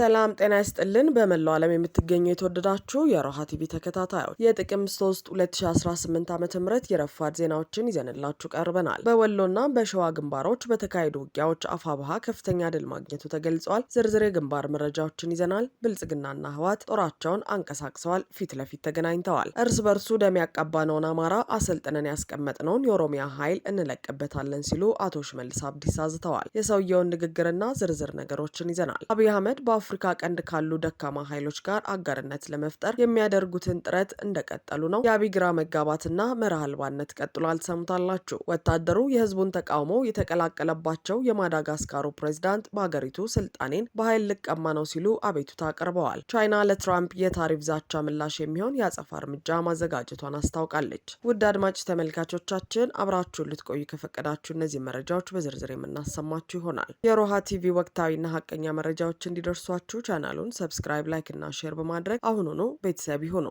ሰላም ጤና ይስጥልን። በመላው ዓለም የምትገኙ የተወደዳችሁ የሮሃ ቲቪ ተከታታዮች የጥቅምት 3 2018 ዓ ም የረፋድ ዜናዎችን ይዘንላችሁ ቀርበናል። በወሎና በሸዋ ግንባሮች በተካሄዱ ውጊያዎች አፋብሃ ከፍተኛ ድል ማግኘቱ ተገልጿል። ዝርዝር የግንባር መረጃዎችን ይዘናል። ብልጽግናና ህዋት ጦራቸውን አንቀሳቅሰዋል፣ ፊት ለፊት ተገናኝተዋል። እርስ በርሱ ደም ያቃባነውን አማራ አሰልጥነን ያስቀመጥነውን የኦሮሚያ ኃይል እንለቅበታለን ሲሉ አቶ ሽመልስ አብዲስ አዝተዋል። የሰውየውን ንግግርና ዝርዝር ነገሮችን ይዘናል። አብይ አህመድ በአፍ በአፍሪካ ቀንድ ካሉ ደካማ ኃይሎች ጋር አጋርነት ለመፍጠር የሚያደርጉትን ጥረት እንደቀጠሉ ነው። የአብይ ግራ መጋባትና መርህ አልባነት ቀጥሏል። ሰምታላችሁ። ወታደሩ የህዝቡን ተቃውሞ የተቀላቀለባቸው የማዳጋስካሩ ፕሬዚዳንት በሀገሪቱ ስልጣኔን በኃይል ልቀማ ነው ሲሉ አቤቱታ አቅርበዋል። ቻይና ለትራምፕ የታሪፍ ዛቻ ምላሽ የሚሆን የአጸፋ እርምጃ ማዘጋጀቷን አስታውቃለች። ውድ አድማጭ ተመልካቾቻችን አብራችሁን ልትቆዩ ከፈቀዳችሁ እነዚህ መረጃዎች በዝርዝር የምናሰማችሁ ይሆናል። የሮሃ ቲቪ ወቅታዊና ሀቀኛ መረጃዎች እንዲደርሷ ከወደዳችሁ ቻናሉን ሰብስክራይብ፣ ላይክ እና ሼር በማድረግ አሁኑኑ ቤተሰብ ይሁኑ።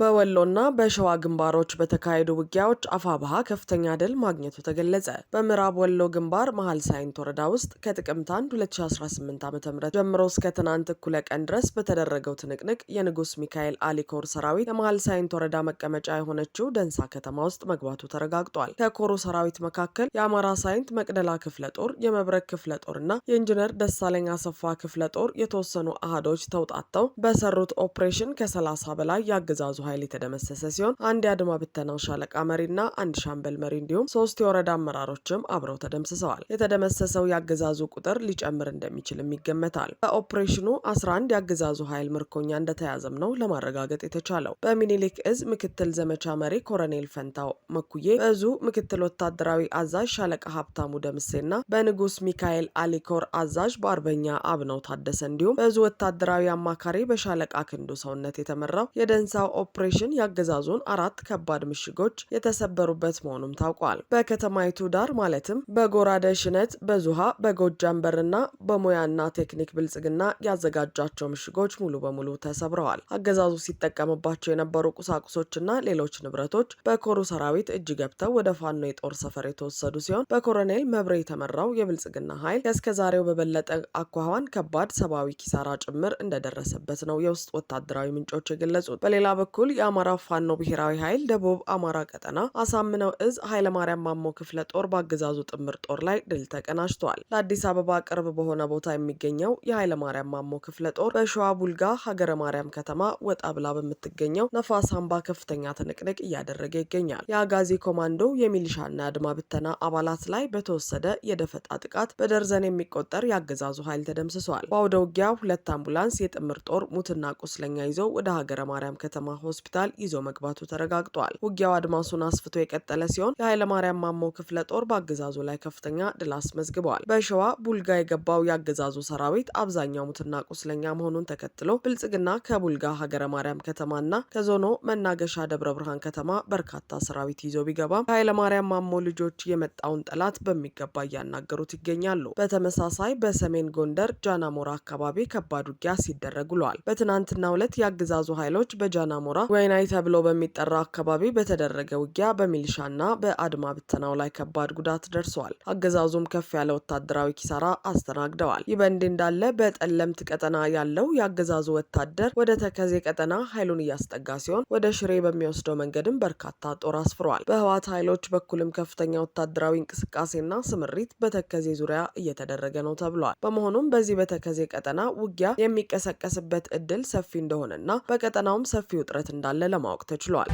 በወሎና በሸዋ ግንባሮች በተካሄዱ ውጊያዎች አፋብሃ ከፍተኛ ድል ማግኘቱ ተገለጸ። በምዕራብ ወሎ ግንባር መሀል ሳይንት ወረዳ ውስጥ ከጥቅምት 1 2018 ዓ ም ጀምሮ እስከ ትናንት እኩለ ቀን ድረስ በተደረገው ትንቅንቅ የንጉስ ሚካኤል አሊኮር ሰራዊት የመሀል ሳይንት ወረዳ መቀመጫ የሆነችው ደንሳ ከተማ ውስጥ መግባቱ ተረጋግጧል። ከኮሩ ሰራዊት መካከል የአማራ ሳይንት መቅደላ ክፍለ ጦር፣ የመብረቅ ክፍለ ጦር እና የኢንጂነር ደሳለኝ አሰፋ ክፍለ ጦር የተወሰኑ አህዶች ተውጣተው በሰሩት ኦፕሬሽን ከ30 በላይ ያገዛዙ ኃይል የተደመሰሰ ሲሆን አንድ የአድማ ብተናው ሻለቃ መሪና አንድ ሻምበል መሪ እንዲሁም ሶስት የወረዳ አመራሮችም አብረው ተደምስሰዋል። የተደመሰሰው የአገዛዙ ቁጥር ሊጨምር እንደሚችልም ይገመታል። በኦፕሬሽኑ 11 የአገዛዙ ኃይል ምርኮኛ እንደተያዘም ነው ለማረጋገጥ የተቻለው። በሚኒሊክ እዝ ምክትል ዘመቻ መሪ ኮረኔል ፈንታው መኩዬ፣ በእዙ ምክትል ወታደራዊ አዛዥ ሻለቃ ሀብታሙ ደምሴና በንጉስ ሚካኤል አሊኮር አዛዥ በአርበኛ አብነው ታደሰ እንዲሁም በእዙ ወታደራዊ አማካሪ በሻለቃ ክንዱ ሰውነት የተመራው የደንሳው ኦፕሬሽን የአገዛዙን አራት ከባድ ምሽጎች የተሰበሩበት መሆኑም ታውቋል። በከተማይቱ ዳር ማለትም በጎራደ ሽነት፣ በዙሃ፣ በጎጃም በርና በሙያና ቴክኒክ ብልጽግና ያዘጋጃቸው ምሽጎች ሙሉ በሙሉ ተሰብረዋል። አገዛዙ ሲጠቀምባቸው የነበሩ ቁሳቁሶችና ሌሎች ንብረቶች በኮሩ ሰራዊት እጅ ገብተው ወደ ፋኖ የጦር ሰፈር የተወሰዱ ሲሆን በኮሎኔል መብሬ የተመራው የብልጽግና ኃይል ከእስከዛሬው በበለጠ አኳኋን ከባድ ሰብአዊ ኪሳራ ጭምር እንደደረሰበት ነው የውስጥ ወታደራዊ ምንጮች የገለጹት። በሌላ በኩል በኩል የአማራ ፋኖ ብሔራዊ ኃይል ደቡብ አማራ ቀጠና አሳምነው እዝ ኃይለማርያም ማሞ ክፍለ ጦር በአገዛዙ ጥምር ጦር ላይ ድል ተቀናጅቷል። ለአዲስ አበባ ቅርብ በሆነ ቦታ የሚገኘው የኃይለማርያም ማሞ ክፍለ ጦር በሸዋ ቡልጋ ሀገረ ማርያም ከተማ ወጣ ብላ በምትገኘው ነፋስ አምባ ከፍተኛ ትንቅንቅ እያደረገ ይገኛል። የአጋዚ ኮማንዶ የሚሊሻና የአድማ ብተና አባላት ላይ በተወሰደ የደፈጣ ጥቃት በደርዘን የሚቆጠር የአገዛዙ ኃይል ተደምስሷል። በአውደ ውጊያ ሁለት አምቡላንስ የጥምር ጦር ሙትና ቁስለኛ ይዘው ወደ ሀገረ ማርያም ከተማ ሆስፒታል ይዞ መግባቱ ተረጋግጧል። ውጊያው አድማሱን አስፍቶ የቀጠለ ሲሆን የኃይለማርያም ማሞ ክፍለ ጦር በአገዛዙ ላይ ከፍተኛ ድል አስመዝግበዋል። በሸዋ ቡልጋ የገባው የአገዛዙ ሰራዊት አብዛኛው ሙትና ቁስለኛ መሆኑን ተከትሎ ብልጽግና ከቡልጋ ሀገረ ማርያም ከተማና ከዞኖ መናገሻ ደብረ ብርሃን ከተማ በርካታ ሰራዊት ይዞ ቢገባም ከኃይለማርያም ማሞ ልጆች የመጣውን ጠላት በሚገባ እያናገሩት ይገኛሉ። በተመሳሳይ በሰሜን ጎንደር ጃናሞራ አካባቢ ከባድ ውጊያ ሲደረግ ውሏል። በትናንትናው ዕለት የአገዛዙ ኃይሎች በጃናሞራ ስፍራ ወይናይ ተብሎ በሚጠራ አካባቢ በተደረገ ውጊያ በሚሊሻና በአድማ ብተናው ላይ ከባድ ጉዳት ደርሰዋል። አገዛዙም ከፍ ያለ ወታደራዊ ኪሳራ አስተናግደዋል። ይህ በእንዲህ እንዳለ በጠለምት ቀጠና ያለው የአገዛዙ ወታደር ወደ ተከዜ ቀጠና ኃይሉን እያስጠጋ ሲሆን ወደ ሽሬ በሚወስደው መንገድም በርካታ ጦር አስፍሯል። በህዋት ኃይሎች በኩልም ከፍተኛ ወታደራዊ እንቅስቃሴና ስምሪት በተከዜ ዙሪያ እየተደረገ ነው ተብሏል። በመሆኑም በዚህ በተከዜ ቀጠና ውጊያ የሚቀሰቀስበት እድል ሰፊ እንደሆነና በቀጠናውም ሰፊ ውጥረት እንዳለ ለማወቅ ተችሏል።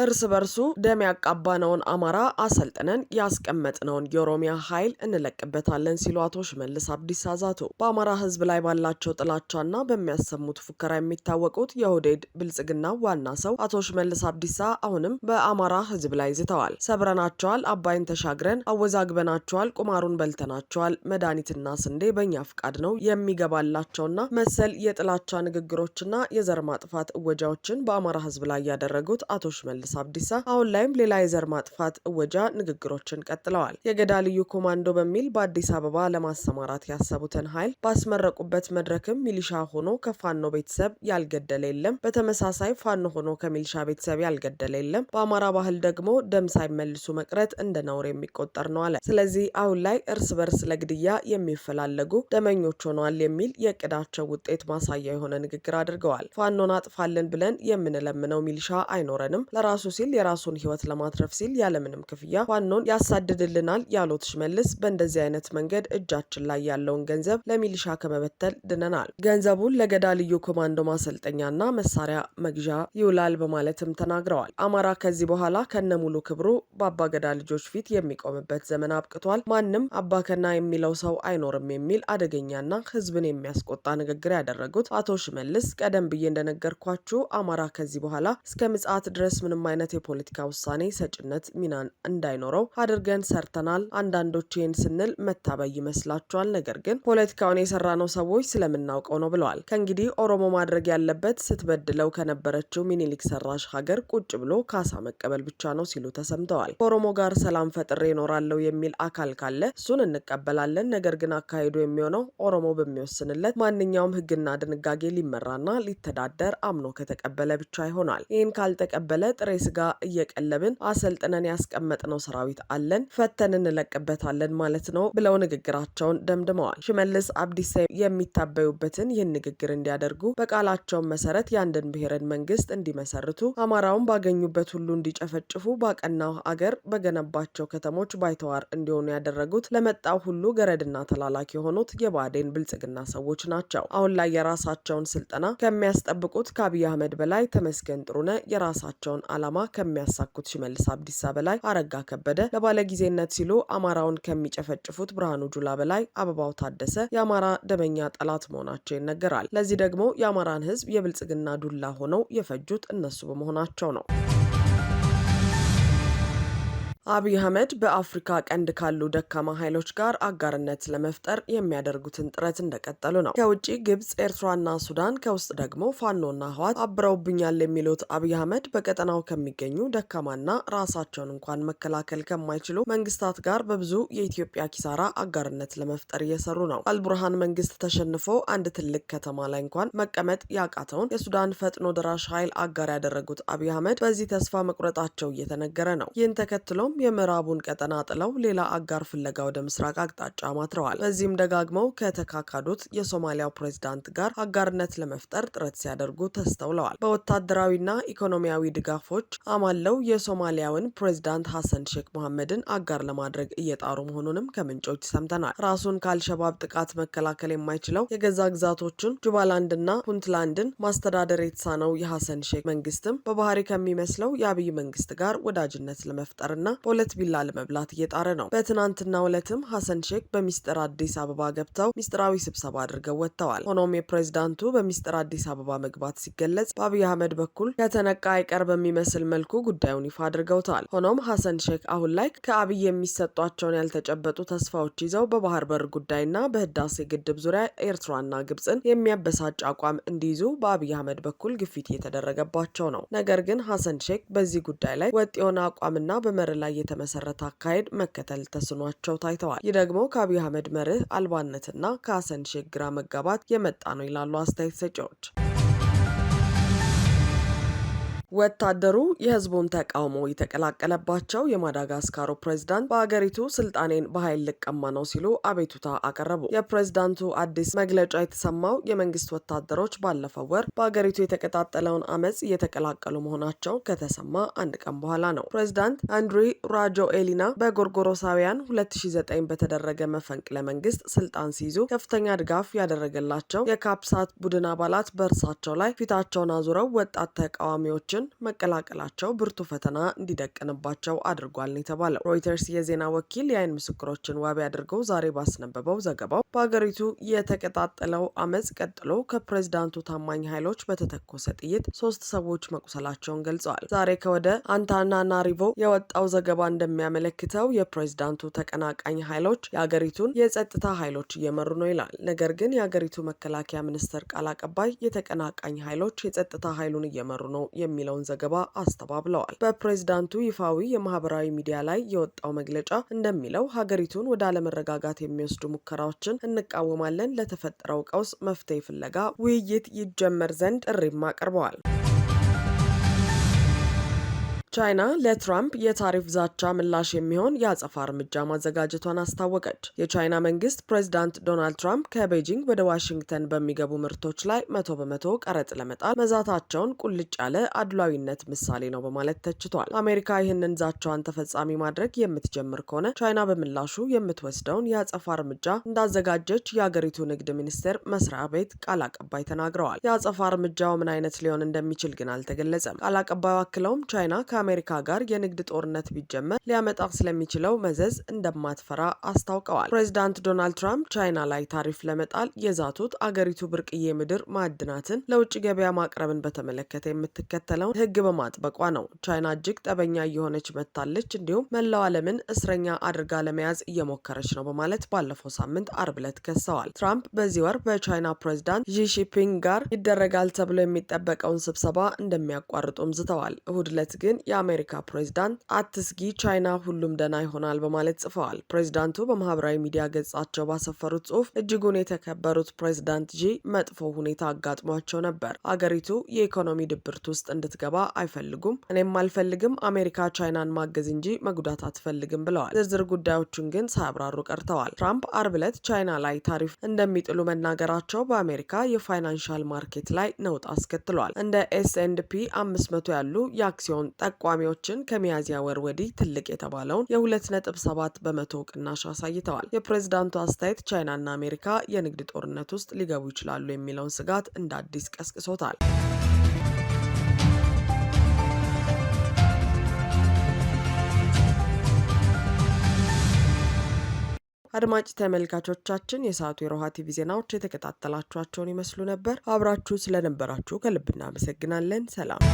እርስ በርሱ ደም ያቃባነውን አማራ አሰልጥነን ያስቀመጥነውን የኦሮሚያ ኃይል እንለቅበታለን ሲሉ አቶ ሽመልስ አብዲሳ ዛቱ። በአማራ ህዝብ ላይ ባላቸው ጥላቻና በሚያሰሙት ፉከራ የሚታወቁት የሆዴድ ብልጽግና ዋና ሰው አቶ ሽመልስ አብዲሳ አሁንም በአማራ ህዝብ ላይ ዝተዋል። ሰብረናቸዋል፣ አባይን ተሻግረን አወዛግበናቸዋል፣ ቁማሩን በልተናቸዋል፣ መድኃኒትና ስንዴ በእኛ ፍቃድ ነው የሚገባላቸውና መሰል የጥላቻ ንግግሮችና የዘር ማጥፋት እወጃዎችን በአማራ ህዝብ ላይ ያደረጉት አቶ ሽመልስ ሽመልስ አብዲሳ አሁን ላይም ሌላ የዘር ማጥፋት እወጃ ንግግሮችን ቀጥለዋል። የገዳ ልዩ ኮማንዶ በሚል በአዲስ አበባ ለማሰማራት ያሰቡትን ኃይል ባስመረቁበት መድረክም ሚሊሻ ሆኖ ከፋኖ ቤተሰብ ያልገደለ የለም። በተመሳሳይ ፋኖ ሆኖ ከሚሊሻ ቤተሰብ ያልገደለ የለም። በአማራ ባህል ደግሞ ደም ሳይመልሱ መቅረት እንደ ነውር የሚቆጠር ነው አለ። ስለዚህ አሁን ላይ እርስ በርስ ለግድያ የሚፈላለጉ ደመኞች ሆኗል የሚል የእቅዳቸው ውጤት ማሳያ የሆነ ንግግር አድርገዋል። ፋኖን አጥፋልን ብለን የምንለምነው ሚሊሻ አይኖረንም። ለራ ለራሱ ሲል የራሱን ህይወት ለማትረፍ ሲል ያለምንም ክፍያ ፋኖን ያሳድድልናል ያሉት ሽመልስ በእንደዚህ አይነት መንገድ እጃችን ላይ ያለውን ገንዘብ ለሚሊሻ ከመበተል ድነናል። ገንዘቡን ለገዳ ልዩ ኮማንዶ ማሰልጠኛና መሳሪያ መግዣ ይውላል በማለትም ተናግረዋል። አማራ ከዚህ በኋላ ከነሙሉ ክብሩ በአባ ገዳ ልጆች ፊት የሚቆምበት ዘመን አብቅቷል። ማንም አባከና የሚለው ሰው አይኖርም የሚል አደገኛና ህዝብን የሚያስቆጣ ንግግር ያደረጉት አቶ ሽመልስ ቀደም ብዬ እንደነገርኳችሁ አማራ ከዚህ በኋላ እስከ ምጽአት ድረስ ምንም ምንም አይነት የፖለቲካ ውሳኔ ሰጭነት ሚናን እንዳይኖረው አድርገን ሰርተናል። አንዳንዶች ይህን ስንል መታበይ ይመስላቸዋል። ነገር ግን ፖለቲካውን የሰራ ነው ሰዎች ስለምናውቀው ነው ብለዋል። ከእንግዲህ ኦሮሞ ማድረግ ያለበት ስትበድለው ከነበረችው ሚኒሊክ ሰራሽ ሀገር ቁጭ ብሎ ካሳ መቀበል ብቻ ነው ሲሉ ተሰምተዋል። ከኦሮሞ ጋር ሰላም ፈጥሬ ይኖራለው የሚል አካል ካለ እሱን እንቀበላለን። ነገር ግን አካሄዱ የሚሆነው ኦሮሞ በሚወስንለት ማንኛውም ሕግና ድንጋጌ ሊመራና ሊተዳደር አምኖ ከተቀበለ ብቻ ይሆናል። ይህን ካልተቀበለ ጥሬ ጥሬ ስጋ እየቀለብን አሰልጥነን ያስቀመጥነው ሰራዊት አለን፣ ፈተን እንለቅበታለን ማለት ነው ብለው ንግግራቸውን ደምድመዋል። ሽመልስ አብዲሳ የሚታበዩበትን ይህን ንግግር እንዲያደርጉ በቃላቸውን መሰረት የአንድን ብሔርን መንግስት እንዲመሰርቱ አማራውን ባገኙበት ሁሉ እንዲጨፈጭፉ ባቀናው አገር በገነባቸው ከተሞች ባይተዋር እንዲሆኑ ያደረጉት ለመጣው ሁሉ ገረድና ተላላኪ የሆኑት የባዴን ብልጽግና ሰዎች ናቸው። አሁን ላይ የራሳቸውን ስልጠና ከሚያስጠብቁት ከአብይ አህመድ በላይ ተመስገን ጥሩነ የራሳቸውን ዓላማ ከሚያሳኩት ሽመልስ አብዲሳ በላይ አረጋ ከበደ ለባለጊዜነት ሲሉ አማራውን ከሚጨፈጭፉት ብርሃኑ ጁላ በላይ አበባው ታደሰ የአማራ ደመኛ ጠላት መሆናቸው ይነገራል። ለዚህ ደግሞ የአማራን ሕዝብ የብልጽግና ዱላ ሆነው የፈጁት እነሱ በመሆናቸው ነው። አብይ አህመድ በአፍሪካ ቀንድ ካሉ ደካማ ኃይሎች ጋር አጋርነት ለመፍጠር የሚያደርጉትን ጥረት እንደቀጠሉ ነው። ከውጭ ግብጽ፣ ኤርትራና ሱዳን፣ ከውስጥ ደግሞ ፋኖና ህዋት አብረውብኛል የሚሉት አብይ አህመድ በቀጠናው ከሚገኙ ደካማና ራሳቸውን እንኳን መከላከል ከማይችሉ መንግስታት ጋር በብዙ የኢትዮጵያ ኪሳራ አጋርነት ለመፍጠር እየሰሩ ነው። አልቡርሃን መንግስት ተሸንፎ አንድ ትልቅ ከተማ ላይ እንኳን መቀመጥ ያቃተውን የሱዳን ፈጥኖ ደራሽ ኃይል አጋር ያደረጉት አብይ አህመድ በዚህ ተስፋ መቁረጣቸው እየተነገረ ነው። ይህን ተከትሎ ሆኖም የምዕራቡን ቀጠና ጥለው ሌላ አጋር ፍለጋ ወደ ምስራቅ አቅጣጫ ማትረዋል። በዚህም ደጋግመው ከተካካዱት የሶማሊያው ፕሬዚዳንት ጋር አጋርነት ለመፍጠር ጥረት ሲያደርጉ ተስተውለዋል። በወታደራዊና ኢኮኖሚያዊ ድጋፎች አማለው የሶማሊያውን ፕሬዚዳንት ሐሰን ሼክ መሐመድን አጋር ለማድረግ እየጣሩ መሆኑንም ከምንጮች ሰምተናል። ራሱን ከአልሸባብ ጥቃት መከላከል የማይችለው የገዛ ግዛቶቹን ጁባላንድና ፑንትላንድን ማስተዳደር የተሳነው የሐሰን ሼክ መንግስትም በባህሪ ከሚመስለው የአብይ መንግስት ጋር ወዳጅነት ለመፍጠርና በሁለት ቢላ ለመብላት እየጣረ ነው። በትናንትናው ዕለትም ሀሰን ሼክ በሚስጥር አዲስ አበባ ገብተው ሚስጥራዊ ስብሰባ አድርገው ወጥተዋል። ሆኖም የፕሬዚዳንቱ በሚስጥር አዲስ አበባ መግባት ሲገለጽ በአብይ አህመድ በኩል ከተነቃ አይቀር በሚመስል መልኩ ጉዳዩን ይፋ አድርገውታል። ሆኖም ሀሰን ሼክ አሁን ላይ ከአብይ የሚሰጧቸውን ያልተጨበጡ ተስፋዎች ይዘው በባህር በር ጉዳይና በህዳሴ ግድብ ዙሪያ ኤርትራና ግብፅን የሚያበሳጭ አቋም እንዲይዙ በአብይ አህመድ በኩል ግፊት እየተደረገባቸው ነው። ነገር ግን ሀሰን ሼክ በዚህ ጉዳይ ላይ ወጥ የሆነ አቋምና በመር ላይ ላይ የተመሰረተ አካሄድ መከተል ተስኗቸው ታይተዋል። ይህ ደግሞ ከአብይ አህመድ መርህ አልባነትና ከሀሰን ሼክ ግራ መጋባት የመጣ ነው ይላሉ አስተያየት ሰጪዎች። ወታደሩ የህዝቡን ተቃውሞ የተቀላቀለባቸው የማዳጋስካሩ ፕሬዝዳንት በሀገሪቱ ስልጣኔን በኃይል ልቀማ ነው ሲሉ አቤቱታ አቀረቡ። የፕሬዚዳንቱ አዲስ መግለጫ የተሰማው የመንግስት ወታደሮች ባለፈው ወር በሀገሪቱ የተቀጣጠለውን አመፅ እየተቀላቀሉ መሆናቸው ከተሰማ አንድ ቀን በኋላ ነው። ፕሬዚዳንት አንድሪ ራጆ ኤሊና በጎርጎሮሳውያን 2009 በተደረገ መፈንቅለ መንግስት ስልጣን ሲይዙ ከፍተኛ ድጋፍ ያደረገላቸው የካፕሳት ቡድን አባላት በእርሳቸው ላይ ፊታቸውን አዙረው ወጣት ተቃዋሚዎችን መቀላቀላቸው ብርቱ ፈተና እንዲደቀንባቸው አድርጓል የተባለው ሮይተርስ የዜና ወኪል የአይን ምስክሮችን ዋቢ አድርገው ዛሬ ባስነበበው ዘገባው በአገሪቱ የተቀጣጠለው አመፅ ቀጥሎ ከፕሬዝዳንቱ ታማኝ ኃይሎች በተተኮሰ ጥይት ሶስት ሰዎች መቁሰላቸውን ገልጸዋል። ዛሬ ከወደ ናሪቮ የወጣው ዘገባ እንደሚያመለክተው የፕሬዝዳንቱ ተቀናቃኝ ኃይሎች የአገሪቱን የጸጥታ ኃይሎች እየመሩ ነው ይላል። ነገር ግን የአገሪቱ መከላከያ ሚኒስቴር ቃል አቀባይ የተቀናቃኝ ኃይሎች የጸጥታ ኃይሉን እየመሩ ነው የሚለው የሚለውን ዘገባ አስተባብለዋል። በፕሬዝዳንቱ ይፋዊ የማህበራዊ ሚዲያ ላይ የወጣው መግለጫ እንደሚለው ሀገሪቱን ወደ አለመረጋጋት የሚወስዱ ሙከራዎችን እንቃወማለን፣ ለተፈጠረው ቀውስ መፍትሄ ፍለጋ ውይይት ይጀመር ዘንድ ጥሪም አቅርበዋል። ቻይና ለትራምፕ የታሪፍ ዛቻ ምላሽ የሚሆን የአጸፋ እርምጃ ማዘጋጀቷን አስታወቀች። የቻይና መንግስት ፕሬዚዳንት ዶናልድ ትራምፕ ከቤጂንግ ወደ ዋሽንግተን በሚገቡ ምርቶች ላይ መቶ በመቶ ቀረጥ ለመጣል መዛታቸውን ቁልጭ ያለ አድሏዊነት ምሳሌ ነው በማለት ተችቷል። አሜሪካ ይህንን ዛቻዋን ተፈጻሚ ማድረግ የምትጀምር ከሆነ ቻይና በምላሹ የምትወስደውን የአጸፋ እርምጃ እንዳዘጋጀች የአገሪቱ ንግድ ሚኒስቴር መስሪያ ቤት ቃል አቀባይ ተናግረዋል። የአጸፋ እርምጃው ምን አይነት ሊሆን እንደሚችል ግን አልተገለጸም። ቃል አቀባዩ አክለውም ቻይና ከአሜሪካ ጋር የንግድ ጦርነት ቢጀመር ሊያመጣ ስለሚችለው መዘዝ እንደማትፈራ አስታውቀዋል። ፕሬዚዳንት ዶናልድ ትራምፕ ቻይና ላይ ታሪፍ ለመጣል የዛቱት አገሪቱ ብርቅዬ ምድር ማዕድናትን ለውጭ ገበያ ማቅረብን በተመለከተ የምትከተለውን ሕግ በማጥበቋ ነው። ቻይና እጅግ ጠበኛ እየሆነች መጥታለች፣ እንዲሁም መላው ዓለምን እስረኛ አድርጋ ለመያዝ እየሞከረች ነው በማለት ባለፈው ሳምንት አርብ ዕለት ከሰዋል። ትራምፕ በዚህ ወር በቻይና ፕሬዚዳንት ዢሺፒንግ ጋር ይደረጋል ተብሎ የሚጠበቀውን ስብሰባ እንደሚያቋርጡም ዝተዋል። እሁድ ዕለት ግን የአሜሪካ ፕሬዝዳንት አትስጊ ቻይና ሁሉም ደህና ይሆናል በማለት ጽፈዋል። ፕሬዚዳንቱ በማህበራዊ ሚዲያ ገጻቸው ባሰፈሩት ጽሁፍ እጅጉን የተከበሩት ፕሬዝዳንት ጂ መጥፎ ሁኔታ አጋጥሟቸው ነበር። አገሪቱ የኢኮኖሚ ድብርት ውስጥ እንድትገባ አይፈልጉም፣ እኔም አልፈልግም። አሜሪካ ቻይናን ማገዝ እንጂ መጉዳት አትፈልግም ብለዋል። ዝርዝር ጉዳዮቹን ግን ሳያብራሩ ቀርተዋል። ትራምፕ አርብ ዕለት ቻይና ላይ ታሪፍ እንደሚጥሉ መናገራቸው በአሜሪካ የፋይናንሻል ማርኬት ላይ ነውጥ አስከትሏል። እንደ ኤስኤንድ ፒ አምስት መቶ ያሉ የአክሲዮን ጠቋሚ ጠቋሚዎችን ከሚያዝያ ወር ወዲህ ትልቅ የተባለውን የ2.7 በመቶ ቅናሽ አሳይተዋል። የፕሬዝዳንቱ አስተያየት ቻይናና አሜሪካ የንግድ ጦርነት ውስጥ ሊገቡ ይችላሉ የሚለውን ስጋት እንደ አዲስ ቀስቅሶታል። አድማጭ ተመልካቾቻችን የሰዓቱ የሮሃ ቲቪ ዜናዎች የተከታተላችኋቸውን ይመስሉ ነበር። አብራችሁ ስለነበራችሁ ከልብ እናመሰግናለን። ሰላም